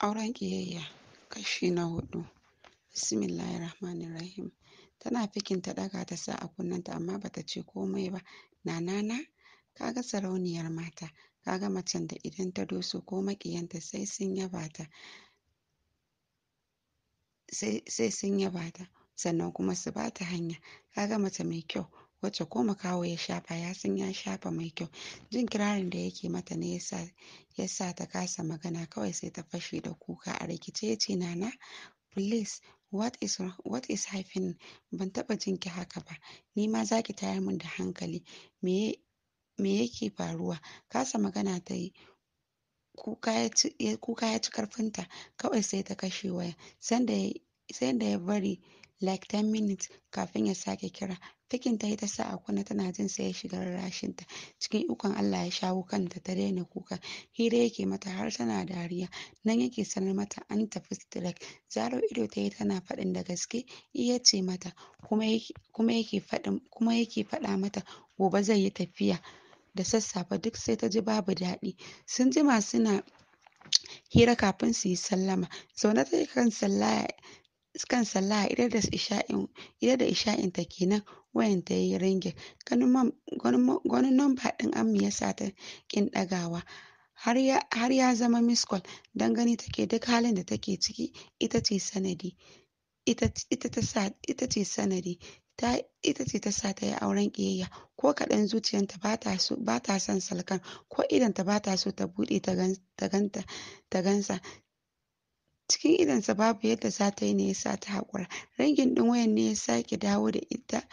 Auren ƙiyayya kashi na huɗu. rahim. Tana fikin ta ɗaga ta sa a kunnenta amma bata ce komai ba. Nana ka kaga sarauniyar mata, kaga ga macen da idan ta doso ko maƙiyanta sai sun yaba ta. Sai sun yaba ta, sannan kuma su bata hanya. Kaga ga mace mai kyau wacce ko makaho ya shafa ya san ya shafa mai kyau jin kirarin da yake mata ne yasa yasa ta kasa magana kawai sai ta fashe da kuka a rikice ya ce nana please what is what is happening ban taba jin ki haka ba ni ma za ki tayar min da hankali me me yake faruwa kasa magana ta yi kuka ya ci karfinta kawai sai ta kashe waya sanda ya bari like 10 minutes kafin ya sake kira fikin ta yi ta sa a kuna tana jin sai ya shiga ta cikin ikon Allah ya shawo kanta ta daina kuka hira yake mata har tana dariya nan yake sanar mata an tafi strike zaro ido ta yi tana faɗin da gaske iya ce mata kuma yake faɗin kuma yake faɗa mata gobe zai yi tafiya da sassafe duk sai ta ji babu daɗi sun jima suna hira kafin su yi sallama zaune ta kan sallaya Kan sallah idar da isha'in idar da isha'in ta kenan wayan ta yi ringe ganin ɗin din ammi ya sa ta kin dagawa har ya zama miss call don gani take duk halin da take ciki ita ce sanadi ita ce sanadi ita ce ta sa ta yi auren ƙiyayya ko kaɗan zuciyarta, ba ta son salkan ko idanta ba ta so ta buɗe ta gansa cikin idonsa babu yadda za ta yi ne ya sa ta haƙura rangin ɗin wayan ne ya sake dawo da ita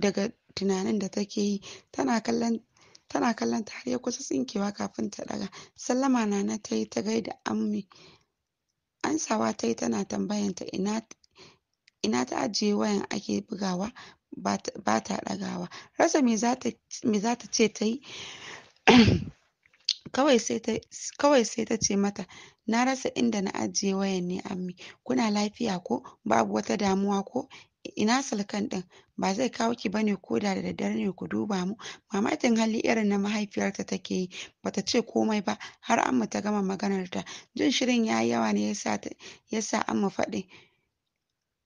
daga tunanin da take yi tana kallon tana kallon ta har ya kusa tsinkewa kafin ta daga sallama nana ta yi ta gaida ammi ansawa ta yi tana tambayan ta ina ta ajiye wayan ake bugawa ba ta dagawa. rasa me za ta ce ta yi Kawai sai ta ce mata, "Na rasa inda na ajiye wayan ne ammi, kuna lafiya ko? Babu wata damuwa ko? Ina salkan ɗin? Ba zai kawo ki bane ko da da daddare ne ku duba mu?" Mamakin hali irin na mahaifiyarta take yi, bata ce komai ba har Amma ta gama maganar ta Jin shirin yayi yawa ne yasa yasa Amma mu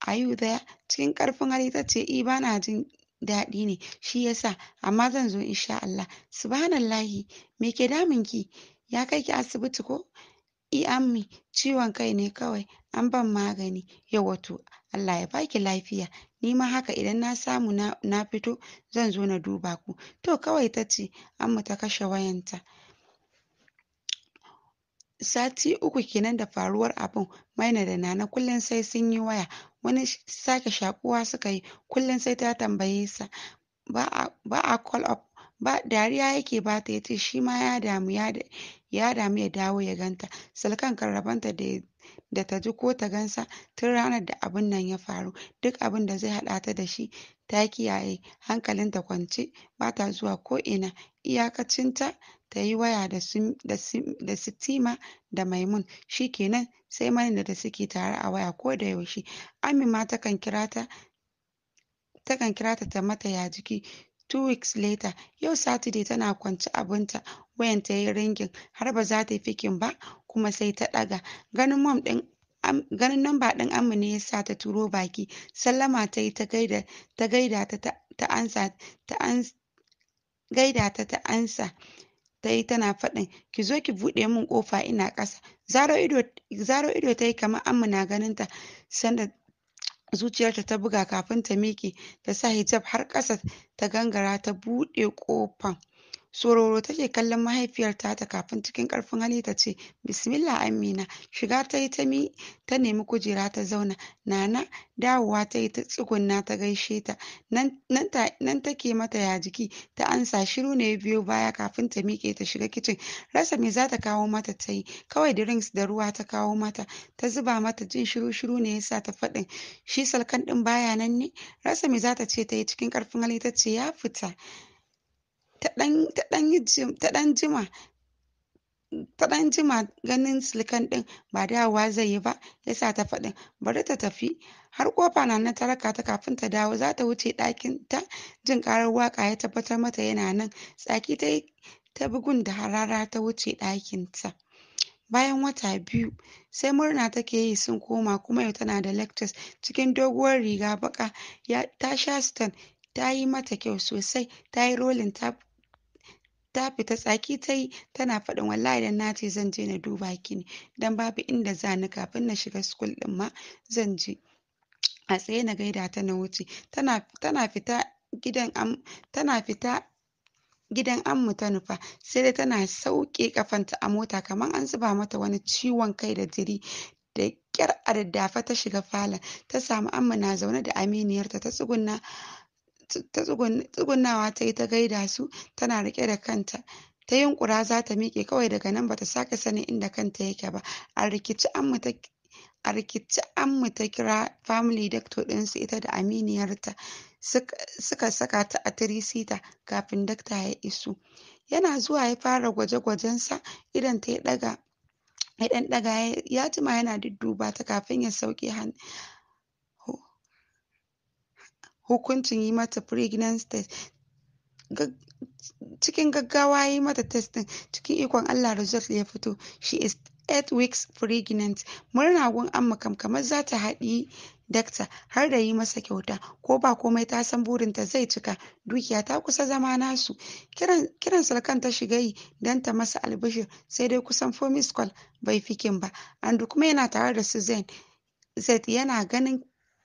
"Are you there?" Cikin karfin hali ta ce, "Eh, bana jin daɗi ne shi yasa amma zan zo insha Allah subhanallahi me ke damun ki ya kai ki asibiti ko i ciwon kai ne kawai an ban magani wato Allah ya baki lafiya ni ma haka idan na samu na fito zan zo na duba ku to kawai ta ce amma ta kashe wayanta sati uku kenan da faruwar abin maina da nana kullum sai sun yi waya wani sake shakuwa suka yi kullum sai ta tambaye sa ba a call up dariya yake bata yace shi ma ya damu ya damu ya dawo ya ganta salkan karrabanta da da ta ji ko ta gansa tun ranar da abin nan ya faru duk abin da zai haɗa ta da shi ta kiyaye hankalin ta kwance ba ta zuwa ko ina iyakacinta ta yi waya da sitima da maimun shi kenan sai manin da suke tare a waya ko da yaushe amima takan kira ta takan kira ta ta mata ya jiki Two weeks later, yau Saturday tana kwance abinta, wayan ta yi ringin har ba za ta yi fikin ba kuma sai ta ɗaga. Ganin mom ɗin ganin namba ɗin amina ne yasa ta turo baki sallama ta yi ta gaida ta gaida ta ta ansa ta gaida ta ta ansa ta yi tana faɗin ki zo ki buɗe min ƙofa ina ƙasa zaro ido ta yi kamar amma na ganin ta sanda zuciyarta ta buga kafin ta miƙe ta sa hijab har ƙasa ta gangara ta buɗe ƙofan. Sororo take kallon mahaifiyarta ta kafin cikin karfin hali ta ce, Bismillah Amina, shiga ta yi ta nemi kujera ta zauna, nana dawowa ta yi ta tsugunna ta gaishe ta, nan take mata ya jiki ta ansa shiru ne biyo baya kafin ta miƙe ta shiga kicin, rasa me za ta kawo mata ta yi, kawai drinks da ruwa ta kawo mata, ta zuba mata jin shiru shiru ne yasa ta faɗin, shi salkan ɗin baya nan ne, rasa me za ta ce ta yi cikin karfin hali ta ce ya fita. ta ɗan jima ganin silikan ɗin ba dawowa zai yi ba ya sa ta faɗin bari ta tafi har kofa na na raka ta kafin ta dawo za ta wuce ɗakin ta jin ƙarar waƙa ya tabbatar mata yana nan tsaki ta ta bugun da harara ta wuce ɗakin ta bayan wata biyu sai murna take yi sun koma kuma yau tana da lectures cikin doguwar riga baka ta sha stone ta yi mata kyau sosai ta yi rolin ta ta fita tsaki ta yi tana faɗin wallahi idan na ce zan je na duba ki ne dan babu inda zani kafin na shiga skul ɗin ma zan je a tsaye na gaida ta na wuce tana fita gidan tana fita gidan ammu ta nufa sai dai tana sauke kafanta a mota kamar an zuba mata wani ciwon kai da jiri da kyar a daddafa ta shiga falon ta samu amma na zaune da aminiyarta ta tsugunna ta tsugunnawa ta yi ta gaida su tana rike da kanta ta yunkura za ta miƙe kawai daga nan ba bata sake sanin inda kanta yake ba a rikici an ta ta kira family doctor ɗinsu ita da aminiyarta suka saka ta a tirisita kafin dakta ya iso yana zuwa ya fara gwaje-gwajensa idan ta ya ɗaga ya ɗan ɗaga ya jima yana dudduba ta kafin ya sauke hukuncin yi mata pregnancy test cikin gaggawa ya yi mata testin cikin ikon Allah result ya fito she is eight weeks pregnant murna gun amma kam kamar za ta haɗi dakta har da yi masa kyauta ko ba komai ta san burinta zai cika dukiya ta kusa zama nasu kiran sulkan ta shiga yi don ta masa albishir sai dai kusan fomis call bai fikin ba andu kuma yana tare da su zain zai yana ganin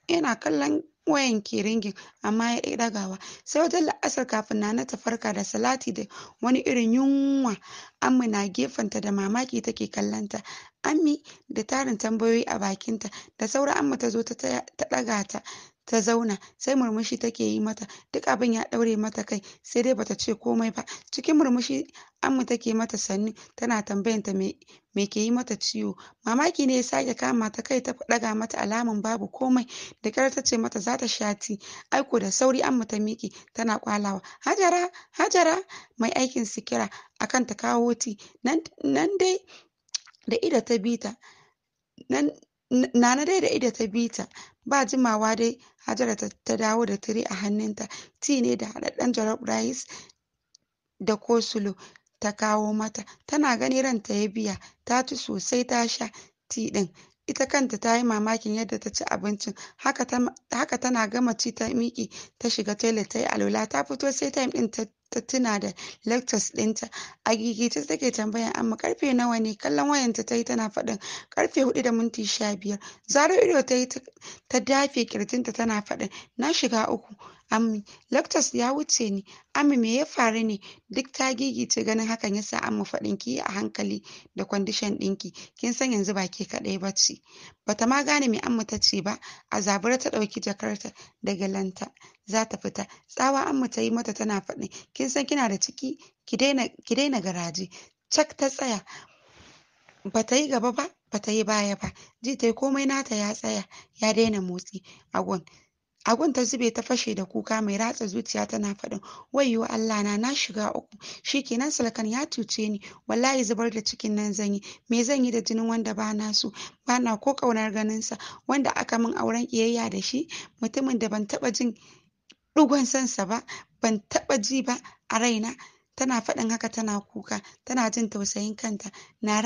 yana kallon wayan ke ringin amma ya ɗaya dagawa. sai wajen la'asar kafin nana ta farka da salati da wani irin yunwa amma na gefenta da mamaki take kallanta ammi da tarin tambayoyi a bakinta da saura amma ta zo ta daga ta ta zauna sai murmushi take yi mata duk abin ya ɗaure mata kai sai dai bata ce komai ba cikin murmushi amma take mata sannu tana tambayanta me ke yi mata ciwo mamaki ne ya sake kama ta kai ta daga mata alaman babu komai da kyar ta ce mata za ta sha ti aiko da sauri amma ta miki tana kwalawa hajara hajara mai aikin sikira akan ta kawo ti nan dai da ida ta bi ta Nana dai da ido ta bi ta, ba jimawa dai Hajara ta dawo da tire a hannunta, ti ne da haɗaɗɗen jollof rice da Kosulo ta kawo mata. Tana gani ranta ya biya, ta ci sosai ta sha ti ɗin. ita kanta ta yi mamakin yadda ta ci abincin haka tana gama ci ta miƙe ta shiga toilet ta yi alwala ta fito sai time ɗin ta ta tuna da lectures ɗinta a gigice take tambayan amma karfe nawa ne kallon wayanta ta yi tana faɗin karfe hudu da minti sha biyar zaro ido ta ta dafe kirjinta tana faɗin na shiga uku Ammi, Lactus ya wuce ni. Ammi me ya faru ne? Duk ta gigice ganin hakan ya sa Amma faɗin ki a hankali da kwandishan ɗinki. Kin san yanzu ba ke kaɗai ba ce. Bata ma gane me Amma ta ce ba, a zabura ta ɗauki jakarta daga lanta. Za ta fita. Tsawa Amma ta yi mata tana faɗin. Kin san kina da ciki? Ki daina garaje. Cak ta tsaya. Bata yi gaba ba, bata yi baya ba. Ji ta komai nata ya tsaya, ya daina motsi. Agon, agun ta zube ta fashe da kuka mai ratsa zuciya tana faɗin wayyo Allah na na shiga uku shikenan salkan ya cuce ni wallahi zubar da cikin nan zan yi me zan yi da jinin wanda ba na so ba na ko ƙaunar ganinsa wanda aka min auren iyayya da shi mutumin da ban taba jin ɗugon sansa ba ban taba ji ba a raina tana faɗin haka tana kuka tana jin tausayin kanta na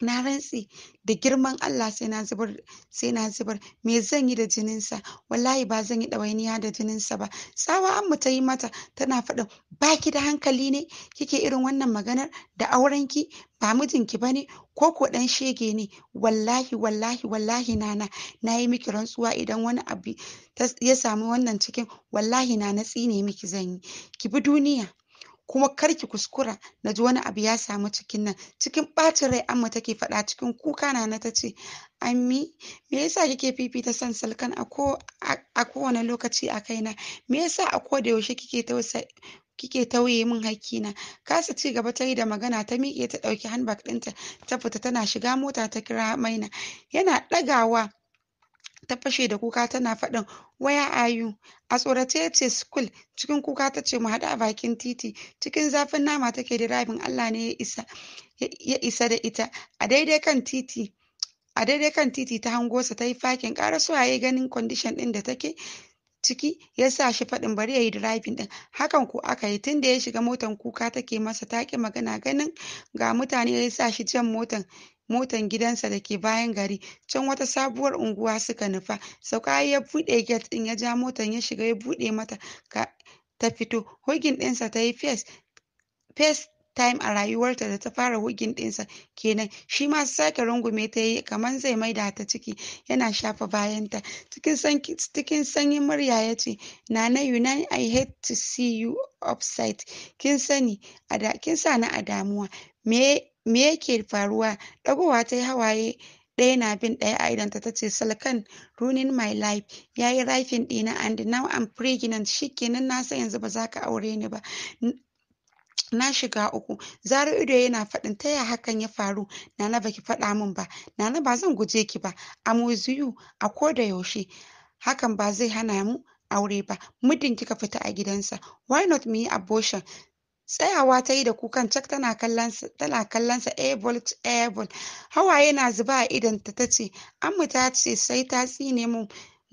na rantse da girman Allah sai na zubar sai na zubar me zan yi da sa? wallahi ba zan yi ɗawainiya da jinin sa ba sawa an ta yi mata tana faɗin baki da hankali ne kike irin wannan maganar da auren ki? ba mijinki bane ko ko dan shege ne wallahi wallahi wallahi nana na yi miki rantsuwa idan wani abu ya samu wannan cikin wallahi na na tsine miki zan yi ki bi duniya kuma kar ki kuskura na ji wani abu ya samu cikin nan cikin ɓacin rai amma take faɗa cikin kuka na na tace ammi me yasa kike fifita son salkan a kowane lokaci a kai na? me yasa a koda yaushe kike tausa kike tauye min hakkina kasa ci gaba ta yi da magana ta miƙe ta ɗauki handbag ɗinta ta fita tana shiga mota ta kira maina yana ɗagawa ta fashe da kuka tana faɗin waya ayu a tsorace ya ce school cikin kuka ta ce mu haɗu a bakin titi cikin zafin nama take da rabin allah ne ya isa da ita a daidai kan titi a daidai kan titi ta hango sa ta yi fakin ƙara so yayi ganin kwandishan ɗin da take ciki ya sa shi faɗin bari ya yi driving ɗin hakan ko aka yi tun da ya shiga motan kuka take masa taki magana ganin ga mutane ya sa shi jan motan motan gidansa da ke bayan gari can wata sabuwar unguwa suka nufa sauka ya buɗe gate ɗin ya ja motan ya shiga ya buɗe mata ta fito hugin ɗinsa ta yi fes time a rayuwarta da ta fara hugin ɗinsa kenan shi ma sake rungume ta yi kamar zai maida ta ciki yana shafa bayanta cikin sanyin murya ya ce "Na yunan i hate to see you upside kin sani kin sani a damuwa me me yake faruwa ɗagowa ta yi hawaye ɗaya na bin ɗaya a idonta ta ce salkan ruining my life ya yi rafin ɗina and now I'm pregnant shi kenan na san yanzu ba za ka aure ni ba na shiga uku zaro ido yana faɗin taya hakan ya faru nana baki faɗa min ba nana ba zan guje ki ba I'm with you a koda yaushe hakan ba zai hana mu aure ba muddin kika fita a gidansa why not mu abortion Tsayawa ta yi da kukan cak tana kallonsa airball airball. Eh, eh, Hawaye na zuba a idonta ta ce, Amma ta ce sai ta tsine mun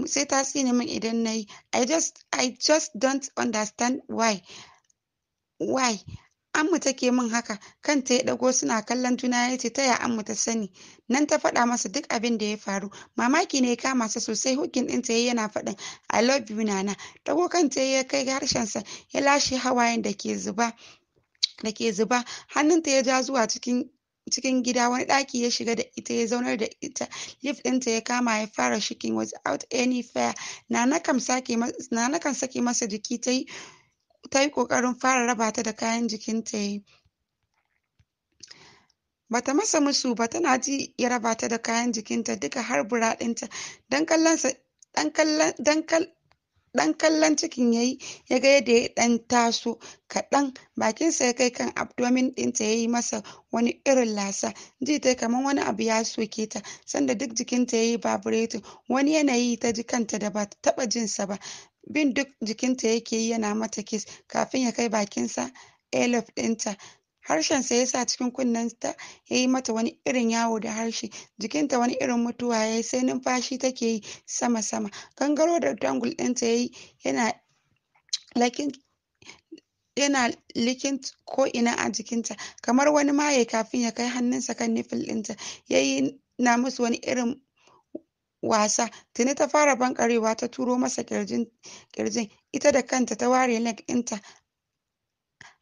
sai ta tsine min idan nayi I just, I just don't understand why. Why? Ammu take min haka Kan ta ya dago suna kallon juna ya ce taya Ammu ta sani nan ta faɗa masa duk abin da ya faru mamaki ne ya kama sa sosai hukin ɗin ta yana faɗin I love you nana dago ta ya kai harshensa ya lashe hawayen da ke zuba da ke zuba hannunta ya ja zuwa cikin cikin gida wani ɗaki ya shiga da ita ya zaunar da ita lif ɗinta ya kama ya fara shikin without any fare na na kan sake masa jiki ta yi ta yi ƙoƙarin fara raba ta da kayan jikinta ya yi ta masa musu ba tana ji ya raba ta da kayan jikinta duka har bura ɗinta dan kallon cikin ya yi ya ga yadda ya dan taso kaɗan bakinsa ya kai kan abdomin ɗinta ya yi masa wani irin lasa ji ta kamar wani abu ya soke ta sanda duk jikinta ya yi vibrating wani yanayi ta ji kanta da ba ta taɓa jinsa ba bin duk jikinta yake yi yana mata kis kafin ya kai bakinsa elof ɗinta harshensa ya sa cikin kunnenta ya yi mata wani irin yawo da harshe jikinta wani irin mutuwa ya sai numfashi take yi sama-sama gangaro da dangul ɗinta ya yi yana yana likin ko'ina a jikinta kamar wani maye kafin ya kai hannunsa kan nufin ɗinta ya yi na musu wani irin wasa tuni ta fara bankarewa ta turo masa kirjin ita da kanta ta ware leg ɗinta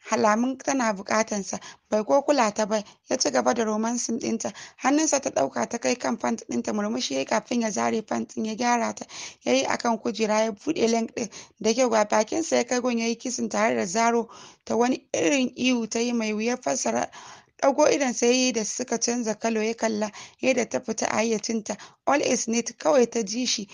halamun tana bukatansa bai ko kula ta bai. ya ci gaba da romansin dinta hannunsa ta dauka ta kai kan fant dinta murmushi yayi kafin ya zare fant ya gyara ta yayi akan kujera ya bude link din da kyau gwa bakin sa ya kai gon yayi kisin tare da zaro ta wani irin iwu ta yi mai wuyar fassara ɗago idon sai da suka canza kalo ya kalla yadda ta fita a all is neat kawai ta ji shi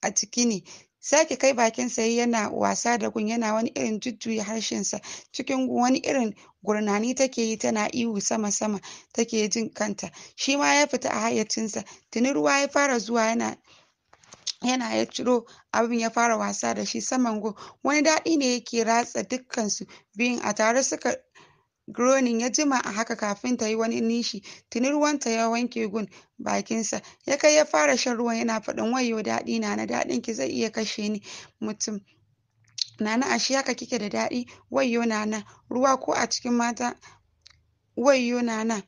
a ciki ne sake kai bakin sai yana wasa da gun yana wani irin jujjuya harshensa cikin wani irin gurnani take yi tana ihu sama sama take jin kanta shi ma ya fita a hayyacinsa tuni ruwa ya fara zuwa yana yana ya ciro abin ya fara wasa da shi saman go wani daɗi ne yake ratsa dukkansu biyun a tare suka Groening ya jima a haka kafin ta yi wani nishi, tuni ruwanta ya wanke gun bakinsa, ya kai ya fara shan ruwan yana faɗin wayo daɗi na na daɗin ki zai iya kashe ni mutum. Nana ashe haka kike da daɗi, wayo nana, ruwa ko a cikin mata, wayo nana.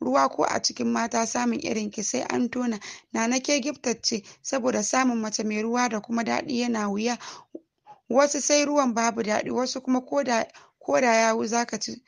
ruwa ko a cikin mata samun irin ki sai an tona na ke giftacce saboda samun mace mai ruwa da kuma daɗi yana wuya wasu sai ruwan babu daɗi wasu kuma koda ya hau zaka ci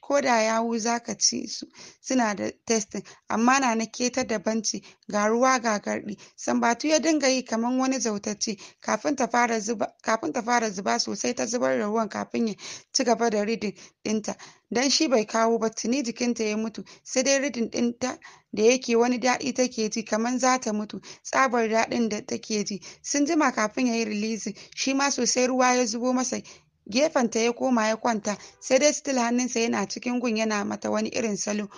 Koda yawu za ka ci su suna da testin amma na na keta da banci ga ruwa ga gardi sambatu ya dinga yi kamar wani zautacce kafin ta fara zuba sosai ta zubar da ruwan kafin ya ci gaba da ridin dinta dan shi bai kawo ba tuni jikinta ya mutu sai dai ridin dinta da yake wani daɗi take ji kamar za ta mutu tsabar daɗin da take ji sun jima kafin ya yi rilizi shi ma sosai ruwa ya zubo masa gefenta ya koma ya kwanta sai dai still hannunsa yana cikin gun yana mata wani irin salo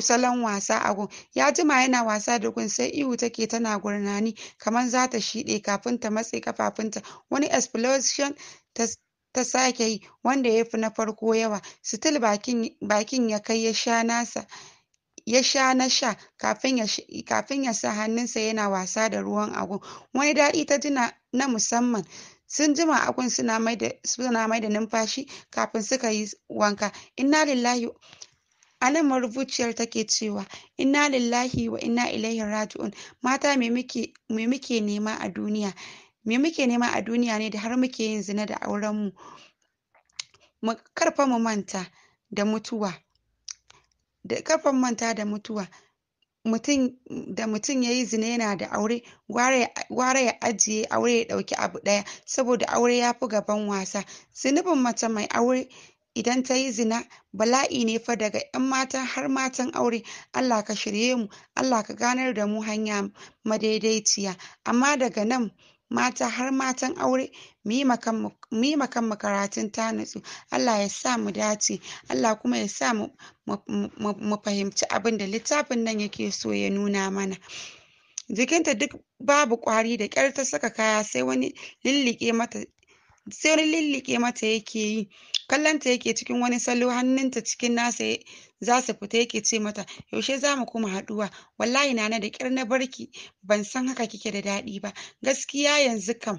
salon wasa a gun ya jima yana wasa da gun sai ihu take tana gurnani kamar za ta shiɗe kafin ta matse kafafunta wani explosion ta sake yi wanda ya fi na farko yawa still bakin ya kai ya sha na sha kafin ya sa hannunsa yana wasa da ruwan agun wani daɗi ta jina na musamman sun jima a suna mai da numfashi kafin suka yi wanka inna lillahi a nan marubuciyar take cewa Ina lillahi wa inna ilaihi raji'un mata me muke nema a duniya me muke nema a duniya ne da har muke yin zina da aurenmu mu karfa mu manta da mutuwa da karfa manta da mutuwa da mutum ya yi zina yana da aure gwara ya ajiye aure ya ɗauki abu ɗaya saboda aure ya fi gaban wasa zunubin mace mai aure idan ta yi zina bala'i ne fa daga 'yan mata har matan aure allah ka shirye mu allah ka ganar da mu hanya madaidaiciya amma daga nan mata har matan aure mu yi makan karatun ta natsu Allah ya sa mu dace Allah kuma ya sa mu fahimci abin da littafin nan yake so ya nuna mana jikinta duk babu kwari da ƙyar ta saka kaya sai wani lillike mata sai wani lillike mata yake yi kallonta yake cikin wani salo hannunta cikin nasa za su fita yake ce mata yaushe za mu kuma haɗuwa wallahi nana da kyar na barki ban san haka kike da daɗi ba gaskiya yanzu kam